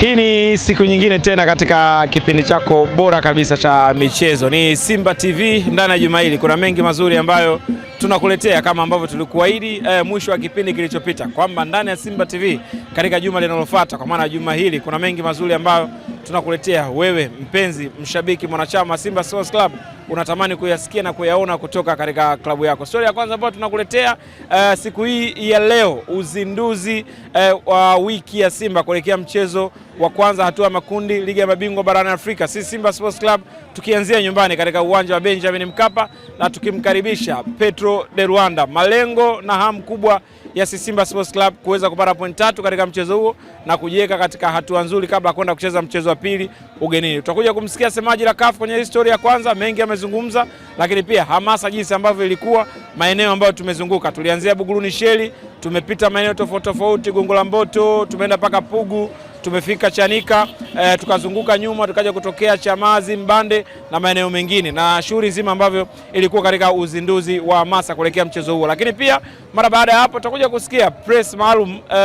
Hii ni siku nyingine tena katika kipindi chako bora kabisa cha michezo, ni Simba TV. Ndani ya juma hili kuna mengi mazuri ambayo tunakuletea kama ambavyo tulikuahidi eh, mwisho wa kipindi kilichopita kwamba ndani ya Simba TV katika juma linalofuata, kwa maana juma hili kuna mengi mazuri ambayo tunakuletea wewe mpenzi mshabiki mwanachama Simba Sports Club unatamani kuyasikia na kuyaona kutoka katika klabu yako. Stori ya kwanza ambayo tunakuletea uh, siku hii ya leo uzinduzi uh, wa wiki ya Simba kuelekea mchezo wa kwanza hatua ya makundi ligi ya mabingwa barani Afrika. Sisi Simba Sports Club tukianzia nyumbani katika uwanja wa Benjamin Mkapa na tukimkaribisha Petro de Rwanda. Malengo na hamu kubwa ya Simba Sports Club kuweza kupata point tatu katika mchezo huo na kujiweka katika hatua nzuri kabla ya kwenda kucheza mchezo wa pili ugenini. Tutakuja kumsikia semaji la CAF kwenye historia ya kwanza, mengi amezungumza, lakini pia hamasa jinsi ambavyo ilikuwa maeneo ambayo tumezunguka. Tulianzia Buguruni Sheli, tumepita maeneo tofauti tofauti, Gongo la Mboto, tumeenda mpaka Pugu tumefika Chanika e, tukazunguka nyuma tukaja kutokea Chamazi, Mbande na maeneo mengine, na shughuli nzima ambavyo ilikuwa katika uzinduzi wa hamasa kuelekea mchezo huo. Lakini pia mara baada ya hapo tutakuja kusikia press maalum e,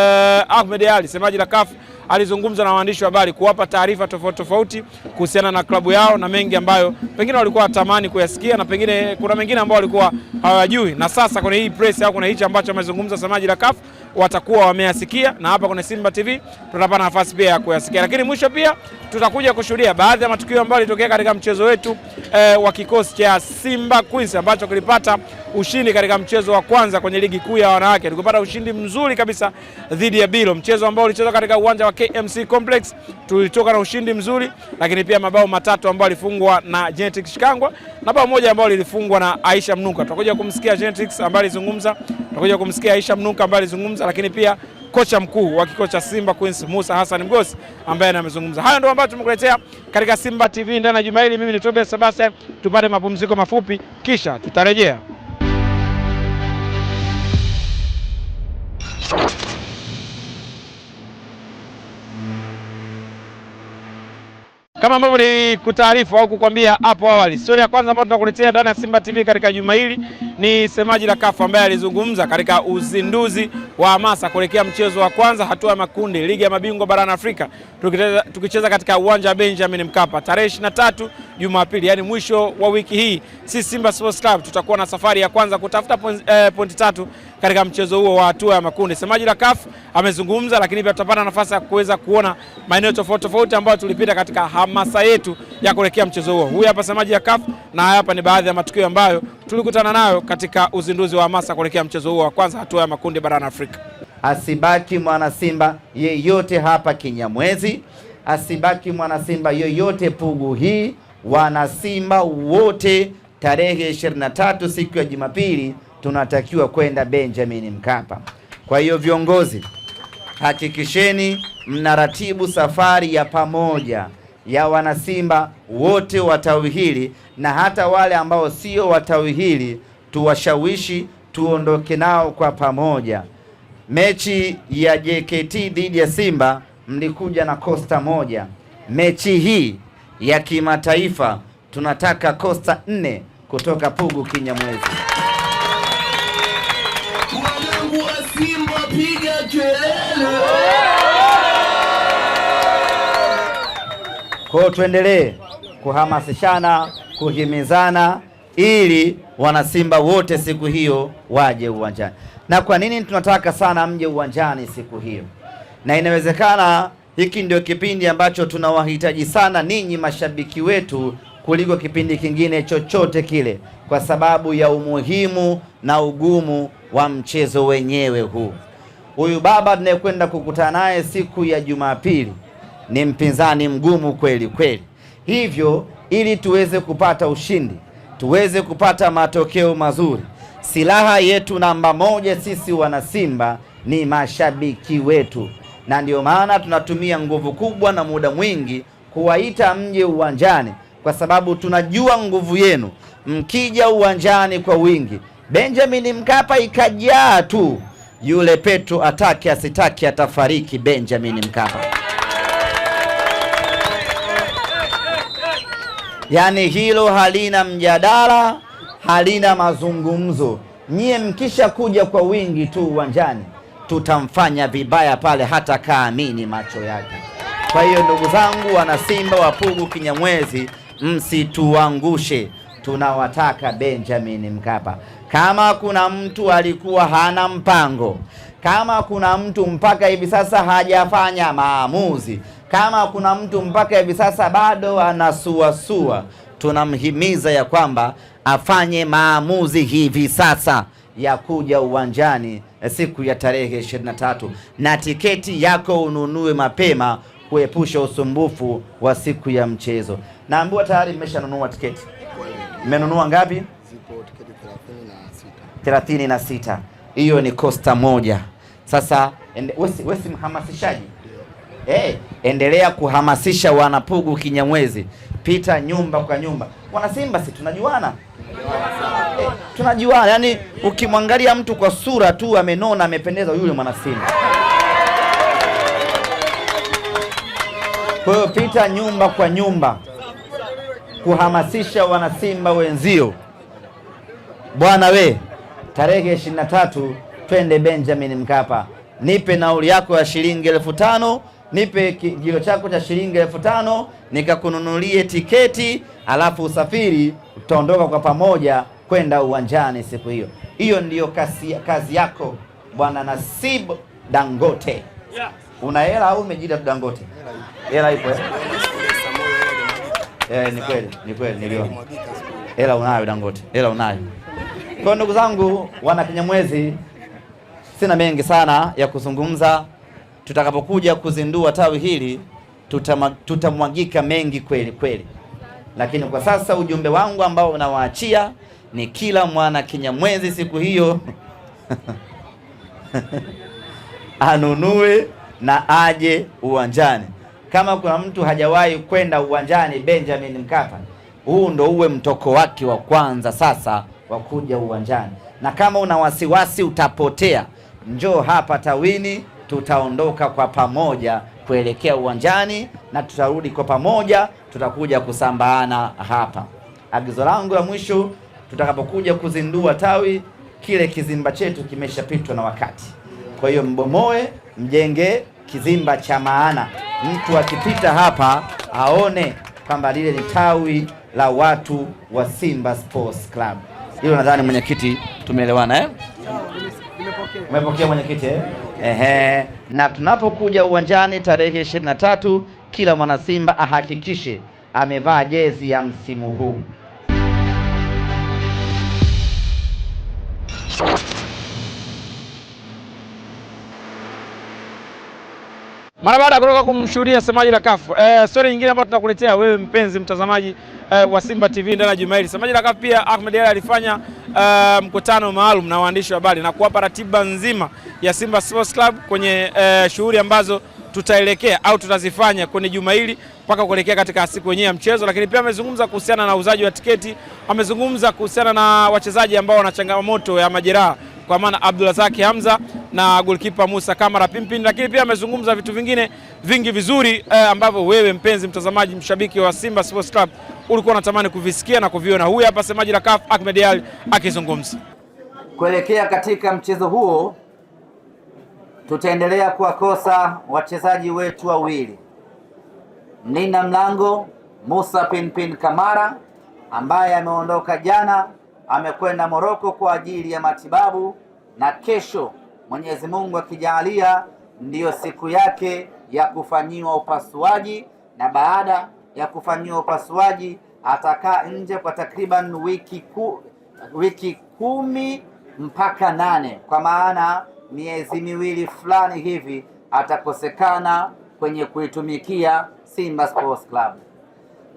Ahmed Ali semaji la CAF alizungumza na waandishi wa habari kuwapa taarifa tofauti tofauti kuhusiana na klabu yao na mengi ambayo pengine walikuwa watamani kuyasikia na pengine kuna mengine ambao walikuwa hawajui, na sasa kuna hii press au kuna hichi ambacho amezungumza semaji la CAF watakuwa wameyasikia, na hapa kwenye Simba TV tutapata nafasi pia ya kuyasikia. Lakini mwisho pia tutakuja kushuhudia baadhi ya matukio ambayo yalitokea katika mchezo wetu e, wa kikosi cha Simba Queens ambacho kilipata ushindi katika mchezo wa kwanza kwenye ligi kuu ya wanawake. Tulipata ushindi mzuri kabisa dhidi ya Bilo, mchezo ambao ulichezwa katika uwanja wa KMC Complex. Tulitoka na ushindi mzuri, lakini pia mabao matatu ambayo alifungwa na Genetics Shikangwa na bao moja ambalo lilifungwa na Aisha Mnuka. Tutakuja kumsikia Genetics ambaye alizungumza Tunakuja kumsikia Aisha Mnuka ambaye alizungumza, lakini pia kocha mkuu wa kikosi cha Simba Queens Musa Hassan Mgosi ambaye amezungumza. Hayo ndio ambayo tumekuletea katika Simba TV ndani ya juma hili. Mimi ni Tobias Sebastian, tupate mapumziko mafupi, kisha tutarejea. Kama ambavyo ni kutaarifu au kukwambia hapo awali, stori ya kwanza ambayo tunakuletea ndani ya Simba TV katika juma hili ni semaji la kafu ambaye alizungumza katika uzinduzi wa hamasa kuelekea mchezo wa kwanza hatua ya makundi ligi ya mabingwa barani Afrika tukicheza katika uwanja wa Benjamin Mkapa tarehe tatu Jumapili, yaani mwisho wa wiki hii. Si Simba Sports Club tutakuwa na safari ya kwanza kutafuta eh, pointi eh, point tatu katika mchezo huo wa hatua ya makundi. Semaji la kafu amezungumza, lakini pia tutapata nafasi ya kuweza kuona maeneo tofauti tofauti ambayo tulipita katika hamasa yetu ya kuelekea mchezo huo. Huyu hapa semaji ya kafu, na haya hapa ni baadhi ya matukio ambayo tulikutana nayo katika uzinduzi wa hamasa kuelekea mchezo huo wa kwanza hatua ya makundi barani Afrika. Asibaki mwana Simba yeyote hapa Kinyamwezi, asibaki mwana Simba yoyote Pugu hii. Wana Simba wote tarehe 23 siku ya Jumapili tunatakiwa kwenda Benjamin Mkapa. Kwa hiyo viongozi, hakikisheni mnaratibu safari ya pamoja ya wanasimba wote wa tawi hili na hata wale ambao sio wa tawi hili tuwashawishi tuondoke nao kwa pamoja. Mechi ya JKT dhidi ya Simba mlikuja na kosta moja. Mechi hii ya kimataifa tunataka kosta nne kutoka Pugu Kinyamwezi. Wanangu wa Simba, piga kelele! tuendelee kuhamasishana, kuhimizana ili wanasimba wote siku hiyo waje uwanjani. Na kwa nini tunataka sana mje uwanjani siku hiyo? Na inawezekana hiki ndio kipindi ambacho tunawahitaji sana ninyi mashabiki wetu kuliko kipindi kingine chochote kile, kwa sababu ya umuhimu na ugumu wa mchezo wenyewe huu. Huyu baba tunayekwenda kukutana naye siku ya Jumapili ni mpinzani mgumu kweli kweli, hivyo ili tuweze kupata ushindi tuweze kupata matokeo mazuri. Silaha yetu namba moja sisi wanasimba ni mashabiki wetu, na ndiyo maana tunatumia nguvu kubwa na muda mwingi kuwaita mje uwanjani, kwa sababu tunajua nguvu yenu. Mkija uwanjani kwa wingi, Benjamin Mkapa ikajaa tu, yule Petro atake asitake atafariki Benjamin Mkapa. Yaani hilo halina mjadala, halina mazungumzo. Nyie mkisha kuja kwa wingi tu uwanjani, tutamfanya vibaya pale hata kaamini macho yake. Kwa hiyo ndugu zangu, wana Simba, Wapugu, Kinyamwezi, msituangushe. Tunawataka Benjamin Mkapa. Kama kuna mtu alikuwa hana mpango, kama kuna mtu mpaka hivi sasa hajafanya maamuzi kama kuna mtu mpaka hivi sasa bado anasuasua, tunamhimiza ya kwamba afanye maamuzi hivi sasa ya kuja uwanjani siku ya tarehe 23 na tiketi yako ununue mapema kuepusha usumbufu wa siku ya mchezo. Naambiwa tayari mmeshanunua tiketi. Mmenunua ngapi? tiketi 36. Hiyo ni kosta moja. Sasa wewe si mhamasishaji hey, endelea kuhamasisha wanapugu Kinyamwezi, pita nyumba kwa nyumba. Wanasimba si tunajuana hey, tunajuana yani, ukimwangalia mtu kwa sura tu amenona, amependeza, yule mwanasimba. Kwa hiyo pita nyumba kwa nyumba kuhamasisha wanasimba wenzio. Bwana we, tarehe ishirini na tatu twende Benjamin Mkapa, nipe nauli yako ya shilingi elfu tano nipe kijilo chako cha shilingi elfu tano nikakununulie tiketi, alafu usafiri, utaondoka kwa pamoja kwenda uwanjani siku hiyo. Hiyo ndiyo kazi, kazi yako Bwana Nasib Dangote. Una hela au umejita tu Dangote? Hela ipo eh, eh ni kweli, ni kweli, niliona hela unayo Dangote, hela unayo. Kwa ndugu zangu wana Kinyamwezi, sina mengi sana ya kuzungumza tutakapokuja kuzindua tawi hili tutamwagika mengi kweli kweli, lakini kwa sasa ujumbe wangu ambao unawaachia ni kila mwana Kinyamwezi siku hiyo anunue na aje uwanjani. Kama kuna mtu hajawahi kwenda uwanjani Benjamin Mkapa, huu ndo uwe mtoko wake wa kwanza sasa wa kuja uwanjani, na kama una wasiwasi utapotea, njoo hapa tawini tutaondoka kwa pamoja kuelekea uwanjani na tutarudi kwa pamoja, tutakuja kusambaana hapa. Agizo langu la mwisho, tutakapokuja kuzindua tawi, kile kizimba chetu kimeshapitwa na wakati. Kwa hiyo mbomoe, mjenge kizimba cha maana, mtu akipita hapa aone kwamba lile ni tawi la watu wa Simba Sports Club. Hilo nadhani mwenyekiti, tumeelewana eh? Umepokea mwenyekiti eh? Ehe, na tunapokuja uwanjani tarehe ishirini na tatu kila mwana Simba ahakikishe amevaa jezi ya msimu huu. Mara baada ya kutoka kumshuhudia semaji la kafu eh, story nyingine ambayo tunakuletea wewe mpenzi mtazamaji eh, wa Simba TV ndani ya Jumaili, semaji la kafu pia Ahmed Ally alifanya uh, mkutano maalum na waandishi wa habari na kuwapa ratiba nzima ya Simba Sports Club kwenye uh, shughuli ambazo tutaelekea au tutazifanya kwenye juma hili mpaka kuelekea katika siku yenyewe ya mchezo. Lakini pia amezungumza kuhusiana na uuzaji wa tiketi, amezungumza kuhusiana na wachezaji ambao wana changamoto ya majeraha kwa maana Abdulrazaki Hamza na golkipa Musa Kamara Pimpin, lakini pia amezungumza vitu vingine vingi vizuri eh, ambavyo wewe mpenzi mtazamaji, mshabiki wa Simba Sports Club ulikuwa unatamani kuvisikia na kuviona. Huyu hapa semaji la CAF Ahmed Ally akizungumza kuelekea katika mchezo huo. Tutaendelea kuwakosa wachezaji wetu wawili, Nina mlango Musa Pinpin Kamara ambaye ameondoka jana amekwenda Moroko kwa ajili ya matibabu, na kesho Mwenyezi Mungu akijaalia ndiyo siku yake ya kufanyiwa upasuaji, na baada ya kufanyiwa upasuaji atakaa nje kwa takriban wiki, ku, wiki kumi mpaka nane kwa maana miezi miwili fulani hivi atakosekana kwenye kuitumikia Simba Sports Club,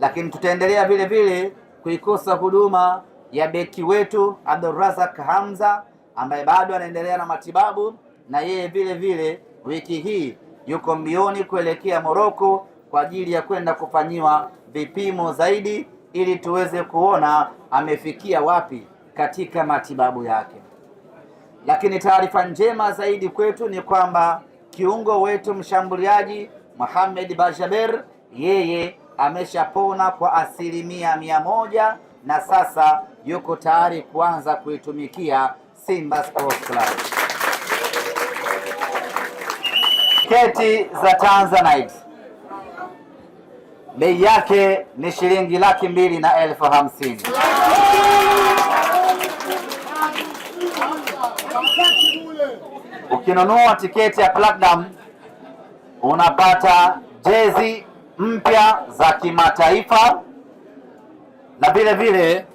lakini tutaendelea vile vile kuikosa huduma ya beki wetu Abdulrazak Hamza ambaye bado anaendelea na matibabu, na yeye vile vile wiki hii yuko mbioni kuelekea Moroko kwa ajili ya kwenda kufanyiwa vipimo zaidi ili tuweze kuona amefikia wapi katika matibabu yake. Lakini taarifa njema zaidi kwetu ni kwamba kiungo wetu mshambuliaji Mohamed Bajaber yeye ameshapona kwa asilimia mia moja na sasa yuko tayari kuanza kuitumikia Simba Sports Club. Keti za Tanzanite bei yake ni shilingi laki mbili na elfu hamsini. Ukinunua tiketi ya Platinum unapata jezi mpya za kimataifa na vile vile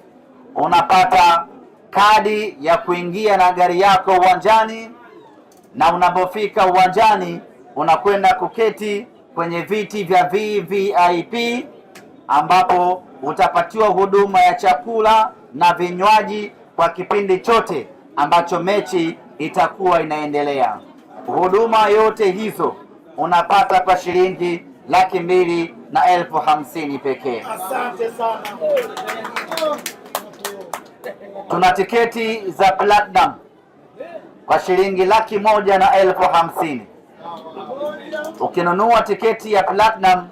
unapata kadi ya kuingia na gari yako uwanjani, na unapofika uwanjani unakwenda kuketi kwenye viti vya VVIP ambapo utapatiwa huduma ya chakula na vinywaji kwa kipindi chote ambacho mechi itakuwa inaendelea. Huduma yote hizo unapata kwa shilingi laki mbili na elfu hamsini pekee. Asante sana tuna tiketi za platinum kwa shilingi laki moja na elfu hamsini. Ukinunua tiketi ya platinum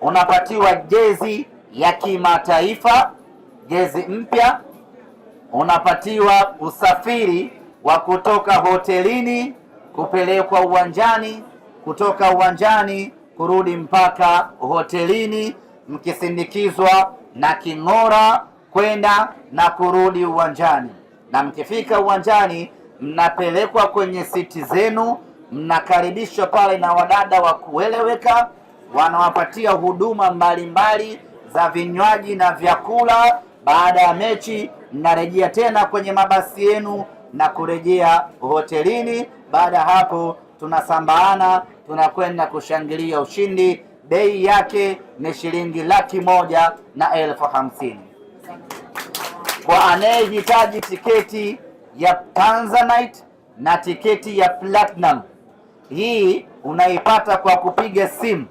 unapatiwa jezi ya kimataifa, jezi mpya, unapatiwa usafiri wa kutoka hotelini kupelekwa uwanjani, kutoka uwanjani kurudi mpaka hotelini, mkisindikizwa na king'ora kwenda na kurudi uwanjani, na mkifika uwanjani mnapelekwa kwenye siti zenu, mnakaribishwa pale na wadada wa kueleweka, wanawapatia huduma mbalimbali za vinywaji na vyakula. Baada ya mechi, mnarejea tena kwenye mabasi yenu na kurejea hotelini. Baada ya hapo, tunasambaana tunakwenda kushangilia ushindi. Bei yake ni shilingi laki moja na elfu hamsini kwa anayehitaji tiketi ya Tanzanite na tiketi ya Platinum. Hii unaipata kwa kupiga simu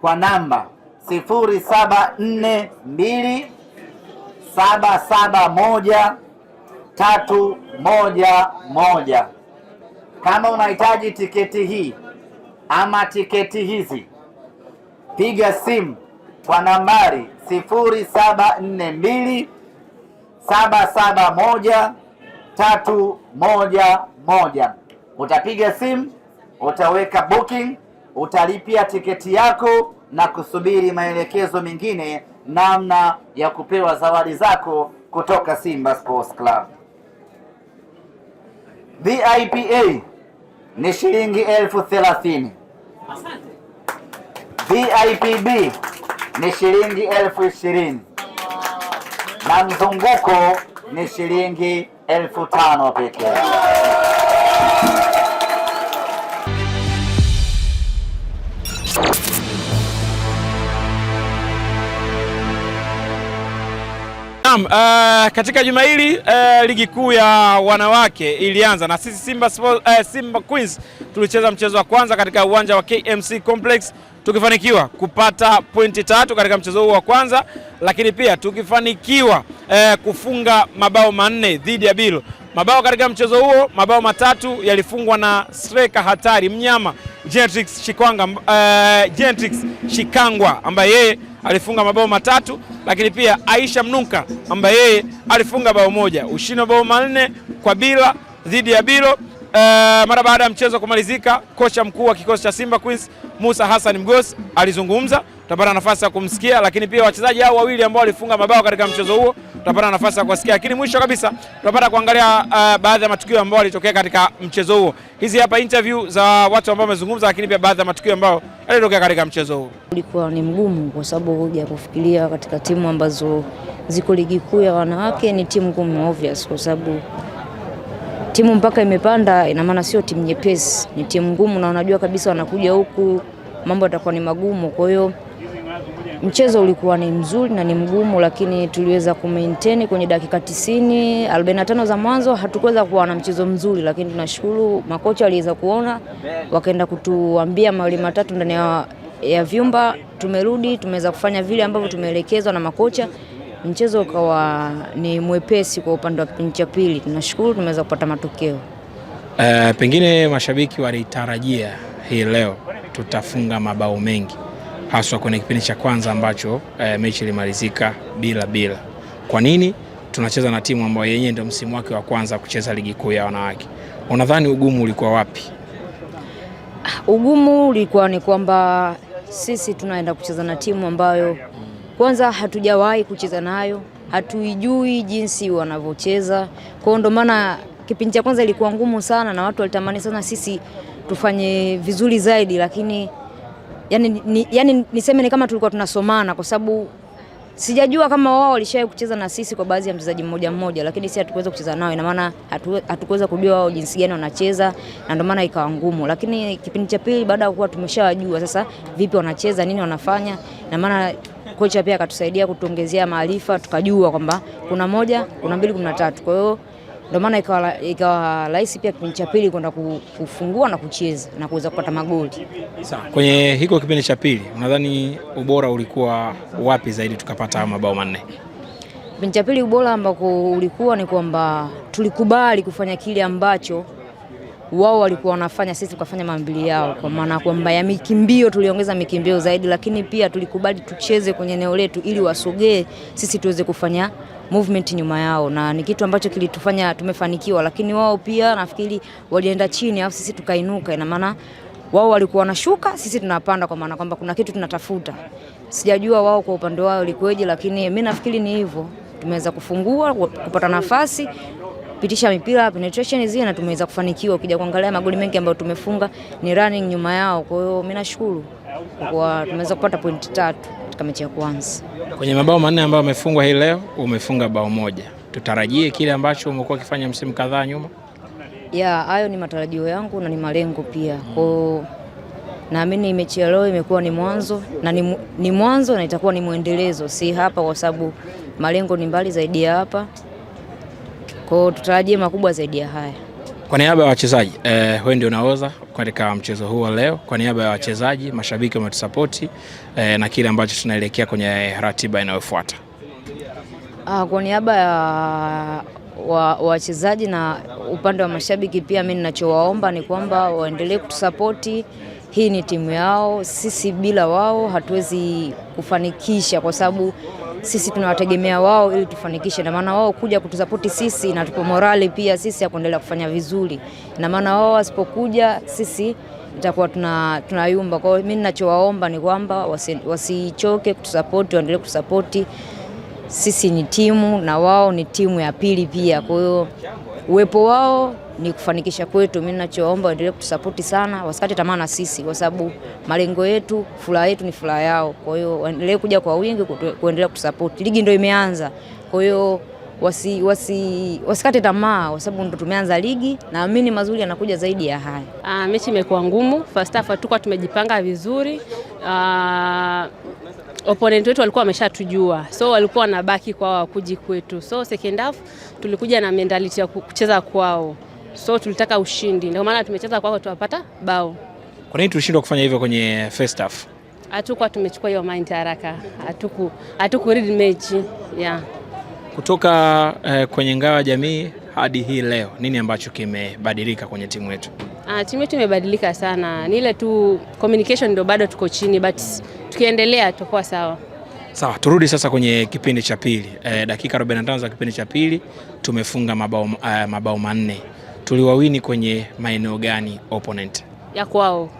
kwa namba 0742771311. Kama unahitaji tiketi hii ama tiketi hizi, piga simu kwa nambari 0742 saba saba moja tatu moja moja. Utapiga simu, utaweka booking, utalipia tiketi yako na kusubiri maelekezo mengine namna ya kupewa zawadi zako kutoka Simba Sports Club. VIPA ni shilingi elfu thelathini. VIPB ni shilingi elfu ishirini na mzunguko ni shilingi elfu tano pekee. Naam, uh, katika juma hili uh, ligi kuu ya wanawake ilianza na sisi Simba, uh, Simba Queens tulicheza mchezo wa kwanza katika uwanja wa KMC Complex tukifanikiwa kupata pointi tatu katika mchezo huu wa kwanza, lakini pia tukifanikiwa uh, kufunga mabao manne dhidi ya Bilo. Mabao katika mchezo huo, mabao matatu yalifungwa na streka hatari mnyama Gentrix Shikwanga, uh, Gentrix Shikangwa ambaye yeye alifunga mabao matatu, lakini pia Aisha Mnunka ambaye yeye alifunga bao moja, ushindi wa bao manne kwa bila dhidi ya Bilo. Uh, mara baada ya mchezo kumalizika, kocha mkuu wa kikosi cha Simba Queens Musa Hassan Mgosi alizungumza tutapata nafasi ya kumsikia, lakini pia wachezaji hao wawili ambao walifunga mabao katika mchezo huo tutapata nafasi ya kuwasikia, lakini mwisho kabisa tutapata kuangalia uh, baadhi ya matukio ambayo yalitokea katika mchezo huo. Hizi hapa interview za watu ambao wamezungumza, lakini pia baadhi ya matukio ambayo yalitokea katika mchezo huo. Ulikuwa ni mgumu kwa sababu huja kufikiria katika timu ambazo ziko ligi kuu ya wanawake ni timu ngumu obvious, kwa sababu timu mpaka imepanda, ina maana sio timu nyepesi, ni timu ngumu, na unajua kabisa wanakuja huku mambo yatakuwa ni magumu, kwa hiyo Mchezo ulikuwa ni mzuri na ni mgumu, lakini tuliweza kumaintain kwenye dakika 90, 45 za mwanzo hatukuweza kuwa na mchezo mzuri, lakini tunashukuru makocha waliweza kuona, wakaenda kutuambia mawili matatu ndani ya, ya vyumba. Tumerudi tumeweza kufanya vile ambavyo tumeelekezwa na makocha, mchezo ukawa ni mwepesi kwa upande wa kipindi cha pili. Tunashukuru tumeweza kupata matokeo. Uh, pengine mashabiki walitarajia hii leo tutafunga mabao mengi haswa kwenye kipindi cha kwanza ambacho eh, mechi ilimalizika bila bila. Kwa nini? Tunacheza na timu ambayo yenyewe ndio msimu wake wa kwanza kucheza ligi kuu ya wanawake. Unadhani ugumu ulikuwa wapi? Ah, ugumu ulikuwa ni kwamba sisi tunaenda kucheza na timu ambayo kwanza hatujawahi kucheza nayo, hatuijui jinsi wanavyocheza. Kwa hiyo maana kipindi cha kwanza ilikuwa ngumu sana, na watu walitamani sana sisi tufanye vizuri zaidi, lakini yani, ni, yani niseme ni kama tulikuwa tunasomana kwa sababu sijajua kama wao walishawahi kucheza na sisi kwa baadhi ya mchezaji mmoja mmoja, lakini sisi hatukuweza kucheza nao, ina maana hatukuweza kujua wao jinsi gani wanacheza, na ndio maana ikawa ngumu. Lakini kipindi cha pili, baada ya kuwa tumeshawajua sasa vipi wanacheza, nini wanafanya, na maana kocha pia akatusaidia kutuongezea maarifa, tukajua kwamba kuna moja, kuna mbili, kuna tatu. Kwa hiyo ndio maana ikawa ikawa rahisi pia kipindi cha pili kwenda kufungua na kucheza na kuweza kupata magoli. Sawa. Kwenye hiko kipindi cha pili unadhani ubora ulikuwa wapi zaidi tukapata mabao manne? Kipindi cha pili ubora ambako ulikuwa ni kwamba tulikubali kufanya kile ambacho wao walikuwa wanafanya, sisi tukafanya maambili yao, kwa maana kwamba ya mikimbio, tuliongeza mikimbio zaidi, lakini pia tulikubali tucheze kwenye eneo letu ili wasogee, sisi tuweze kufanya movement nyuma yao, na ni kitu ambacho kilitufanya tumefanikiwa, lakini wao pia nafikiri walienda chini au sisi tukainuka. Ina maana wao walikuwa wanashuka, sisi tunapanda, kwa maana kwamba kuna kitu tunatafuta. Sijajua wao kwa upande wao ilikuwaje, lakini mimi nafikiri ni hivyo, tumeweza kufungua kupata nafasi pitisha mipira penetration zile na tumeweza kufanikiwa. Ukija kuangalia magoli mengi ambayo tumefunga ni running nyuma yao, kwa hiyo mimi nashukuru kwa tumeweza kupata pointi tatu katika mechi ya kwanza. Kwenye mabao manne ambayo amefungwa hii leo, umefunga bao moja, tutarajie kile ambacho umekuwa ukifanya msimu kadhaa nyuma? Ya, hayo ni matarajio yangu na ni malengo pia kwao mm. Naamini mechi ya leo imekuwa ni mwanzo na ni, ni mwanzo na itakuwa ni mwendelezo, si hapa, kwa sababu malengo ni mbali zaidi ya hapa, kwao tutarajie makubwa zaidi ya haya. Kwa niaba ya wachezaji eh, wewe ndio unaoza katika mchezo huu leo. Kwa niaba ya wachezaji, mashabiki wametusapoti eh, na kile ambacho tunaelekea kwenye ratiba inayofuata. Ah, kwa niaba ya wachezaji wa na upande wa mashabiki pia, mimi ninachowaomba ni kwamba waendelee kutusapoti. Hii ni timu yao, sisi bila wao hatuwezi kufanikisha, kwa sababu sisi tunawategemea wao ili tufanikishe, na maana wao kuja kutusapoti sisi inatupa morali pia sisi ya kuendelea kufanya vizuri, na maana wao wasipokuja sisi itakuwa tunayumba. Kwa hiyo mimi ninachowaomba ni kwamba wasichoke wasi kutusapoti, waendelee kutusapoti sisi ni timu na wao ni timu ya pili pia. Kwa hiyo uwepo wao ni kufanikisha kwetu. Mimi ninachoomba waendelee kutusapoti sana, wasikate tamaa na sisi, kwa sababu malengo yetu, furaha yetu ni furaha yao. Kwa hiyo waendelee kuja kwa wingi kuendelea kutusapoti. Ligi ndio imeanza, kwa hiyo wasi, wasi, wasikate tamaa kwa sababu ndo tumeanza ligi, naamini mazuri yanakuja zaidi ya haya. Ah, mechi imekuwa ngumu. First half hatukuwa tumejipanga vizuri. Ah, opponent wetu walikuwa wameshatujua, so walikuwa wanabaki kwao wakuji kwetu, so second half tulikuja na mentality ya kucheza kwao so tulitaka ushindi, ndio maana tumecheza kwao tuwapata bao. Kwa nini tulishindwa kufanya hivyo kwenye first half? Hatukuwa tumechukua hiyo mind haraka, hatuku hatuku read match yeah. Kutoka eh, kwenye ngao ya jamii hadi hii leo, nini ambacho kimebadilika kwenye timu yetu? Ah, timu yetu imebadilika sana, ni ile tu communication ndio bado tuko chini, but tukiendelea tutakuwa sawa. Sawa, turudi sasa kwenye kipindi cha pili. Eh, dakika 45 za kipindi cha pili tumefunga mabao eh, mabao manne tuliwawini kwenye maeneo gani opponent ya kwao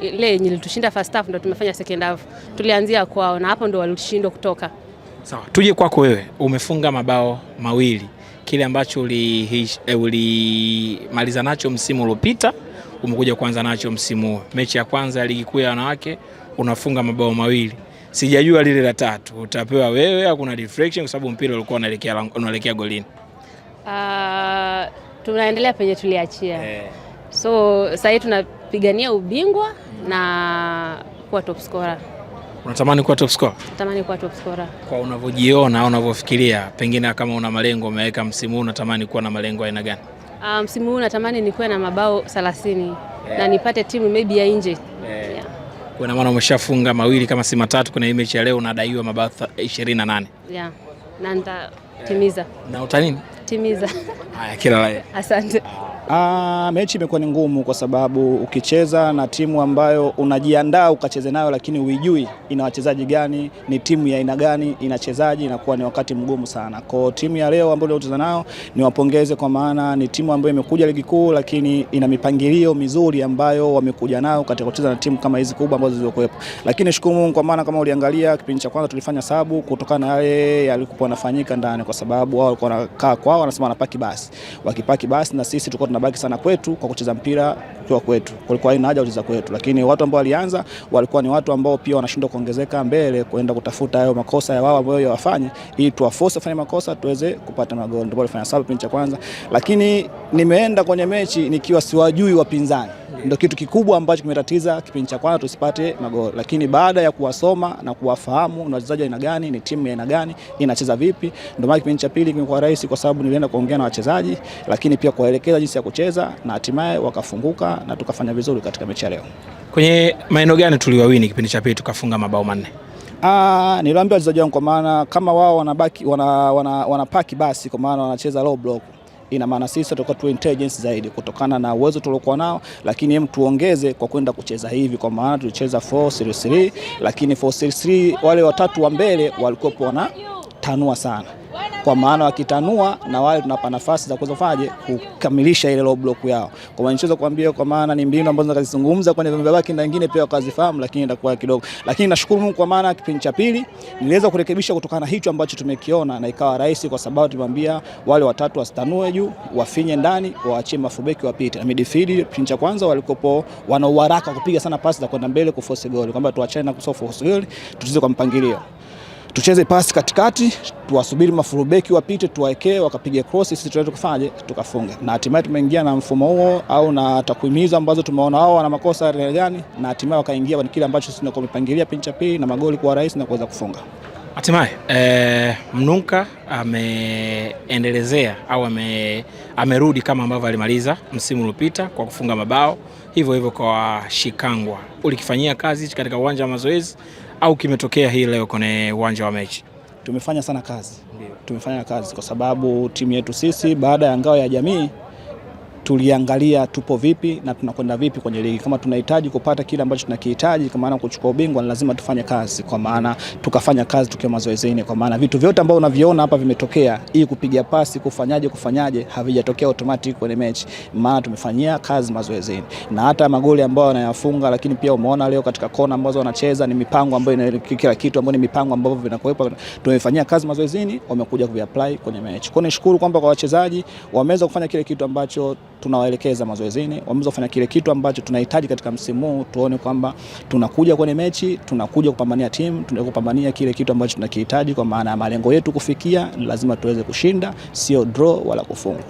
ile yenye ilitushinda first half ndo tumefanya second half. Tulianzia kwao na hapo ndo walishindwa kutoka. Sawa, tuje kwako wewe, umefunga mabao mawili, kile ambacho eh, ulimaliza uli nacho msimu uliopita umekuja kuanza nacho msimu huu. Mechi ya kwanza ya ligi kuu ya wanawake unafunga mabao mawili, sijajua lile la tatu utapewa wewe au kuna deflection, kwa sababu mpira ulikuwa unaelekea golini. Uh, tunaendelea penye tuliachia eh. So sasa hivi tunapigania ubingwa mm. na kuwa top scorer. Unatamani kuwa top scorer? Natamani kuwa top scorer. Kwa unavyojiona au unavyofikiria, pengine kama una malengo umeweka msimu huu, unatamani kuwa na malengo aina gani? Ah, msimu huu natamani nikuwe na mabao 30 yeah. na nipate timu maybe ya nje eh. yeah. yeah. Kuna maana umeshafunga mawili kama si matatu, kuna mechi ya leo unadaiwa mabao 28. Yeah. na nitatimiza. yeah. na utanini kutimiza. Haya, kila la asante. Ah. Ah, mechi imekuwa ni ngumu kwa sababu ukicheza na timu ambayo unajiandaa ukacheze nayo, lakini uijui ina wachezaji gani, ni timu ya aina gani, inachezaji, inakuwa ni wakati mgumu sana. Kwa timu ya leo ambayo tunacheza nayo, niwapongeze kwa maana ni timu ambayo imekuja ligi kuu, lakini ina mipangilio mizuri ambayo wamekuja nayo katika kucheza na timu kama hizi kubwa ambazo zilizokuwepo. Lakini shukuru Mungu kwa maana kama uliangalia kipindi cha kwanza tulifanya sabu kutokana na yale yalikuwa yanafanyika ndani, kwa sababu wao walikuwa wanakaa kwao, wanasema wanapaki basi, wakipaki basi na sisi tulikuwa tunabaki sana kwetu kwa kucheza mpira kwa kwetu kulikuwa haina haja kucheza kwetu, lakini watu ambao walianza walikuwa ni watu ambao pia wanashindwa kuongezeka mbele kwenda kutafuta hayo makosa ya wao ambao wafanye, ili tuwaforce wafanye makosa tuweze kupata magoli. Ndio walifanya sababu pincha kwanza, lakini nimeenda kwenye mechi nikiwa siwajui wapinzani ndio kitu kikubwa ambacho kimetatiza kipindi cha kwanza tusipate magoli, lakini baada ya kuwasoma na kuwafahamu ni wachezaji aina gani, ni timu ya aina gani, inacheza vipi, ndio maana kipindi cha pili kimekuwa rahisi, kwa sababu nilienda kuongea na wachezaji, lakini pia kuwaelekeza jinsi ya kucheza na hatimaye wakafunguka na, tukafanya vizuri katika mechi ya leo. Kwenye maeneo gani tuliwawini kipindi cha pili tukafunga mabao manne? Ah, niliwaambia wachezaji wangu kwa maana kama wao wanabaki wana, wana, wanapaki basi kwa maana wanacheza low block ina maana sisi tutakuwa tu intelligence zaidi kutokana na uwezo tuliokuwa nao, lakini hem tuongeze kwa kwenda kucheza hivi, kwa maana tulicheza 4-3-3 lakini 4-3-3 wale watatu wa mbele walikuwa wana tanua sana kwa maana wakitanua na wale tunapa nafasi za kuweza kufanyaje kukamilisha ile low block yao. Kwa maana nichoweza kuambia kwa maana ni mbinu ambazo nazizungumza kwenye vyombo vyake na wengine pia wakazifahamu, lakini itakuwa kidogo. Lakini nashukuru Mungu kwa maana kipindi cha pili niliweza kurekebisha kutokana na hicho ambacho tumekiona na ikawa rahisi kwa sababu tumwambia wale watatu wasitanue juu, wafinye ndani, waachie mafubeki wapite. Na midfield kipindi cha kwanza walikopo wana uharaka kupiga sana pasi za kwenda mbele kuforce goal, Kwamba tuachane na kusofu goal, goli, tutuze kwa mpangilio tucheze pasi katikati, tuwasubiri mafurubeki wapite, tuwaekee wakapiga cross, sisi tuweze kufanya tukafunga, na hatimaye tumeingia na mfumo huo au na takwimu ambazo tumeona wao wana makosa gani, na hatimaye wakaingia kwa kile ambacho sisi tunakuwa tumepangilia, pincha pili na magoli kwa rahisi na kuweza kufunga. Hatimaye Eh, Mnunka ameendelezea au ame, amerudi kama ambavyo alimaliza msimu uliopita kwa kufunga mabao hivyo hivyo kwa Shikangwa. Ulikifanyia kazi katika uwanja wa mazoezi au kimetokea hii leo kwenye uwanja wa mechi? Tumefanya sana kazi, tumefanya kazi kwa sababu timu yetu sisi baada ya ngao ya jamii tuliangalia tupo vipi na tunakwenda vipi kwenye ligi. Kama tunahitaji kupata kile ambacho tunakihitaji, kwa maana kuchukua ubingwa, ni lazima tufanye kazi, kwa maana tukafanya kazi tukiwa mazoezini, kwa maana vitu vyote ambavyo unaviona hapa vimetokea, hii kupiga pasi, kufanyaje kufanyaje, havijatokea automatic kwenye mechi, maana tumefanyia kazi mazoezini, na hata magoli ambayo anayafunga. lakini pia umeona leo katika kona ambazo wanacheza ni mipango ambayo ina kila kitu ambayo ni mipango ambayo vinakuwepo, tumefanyia kazi mazoezini, wamekuja kuviapply kwenye mechi. Kwa nishukuru kwamba kwa wachezaji wameweza kufanya kile kitu ambacho tunawaelekeza mazoezini, wameweza kufanya kile kitu ambacho tunahitaji katika msimu huu, tuone kwamba tunakuja kwenye mechi, tunakuja kupambania timu, tunakuja kupambania kile kitu ambacho tunakihitaji, kwa maana ya malengo yetu kufikia, lazima tuweze kushinda, sio draw wala kufungwa.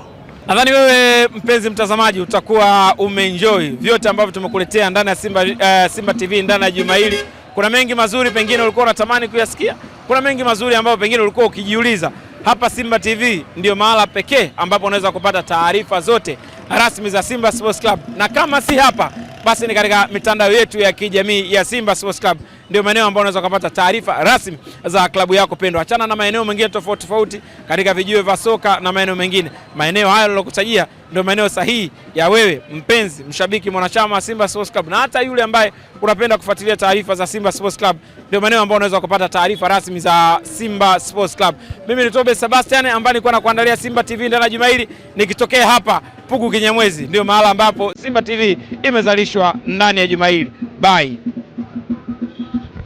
Nadhani wewe mpenzi mtazamaji utakuwa umeenjoy vyote ambavyo tumekuletea ndani ya Simba, uh, Simba TV ndani ya juma hili. Kuna mengi mazuri pengine ulikuwa unatamani kuyasikia, kuna mengi mazuri ambayo pengine ulikuwa ukijiuliza. Hapa Simba TV ndio mahala pekee ambapo unaweza kupata taarifa zote rasmi za Simba Sports Club, na kama si hapa basi ni katika mitandao yetu ya kijamii ya Simba Sports Club ndio maeneo ambayo unaweza kupata taarifa rasmi za klabu yako pendwa. Achana na maeneo mengine tofauti tofauti katika vijiwe vya soka na maeneo mengine, maeneo hayo nilokutajia ndio maeneo sahihi ya wewe mpenzi mshabiki mwanachama wa Simba Sports Club na hata yule ambaye unapenda kufuatilia taarifa za Simba Sports Club, ndio maeneo ambayo unaweza kupata taarifa rasmi za Simba Sports Club. Mimi ni Tobe Sebastian ambaye nilikuwa nakuandalia Simba TV ndani ya juma hili, nikitokea hapa Pugu Kinyamwezi, ndio mahala ambapo Simba TV imezalishwa ndani ya juma hili. Bye.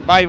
Bye.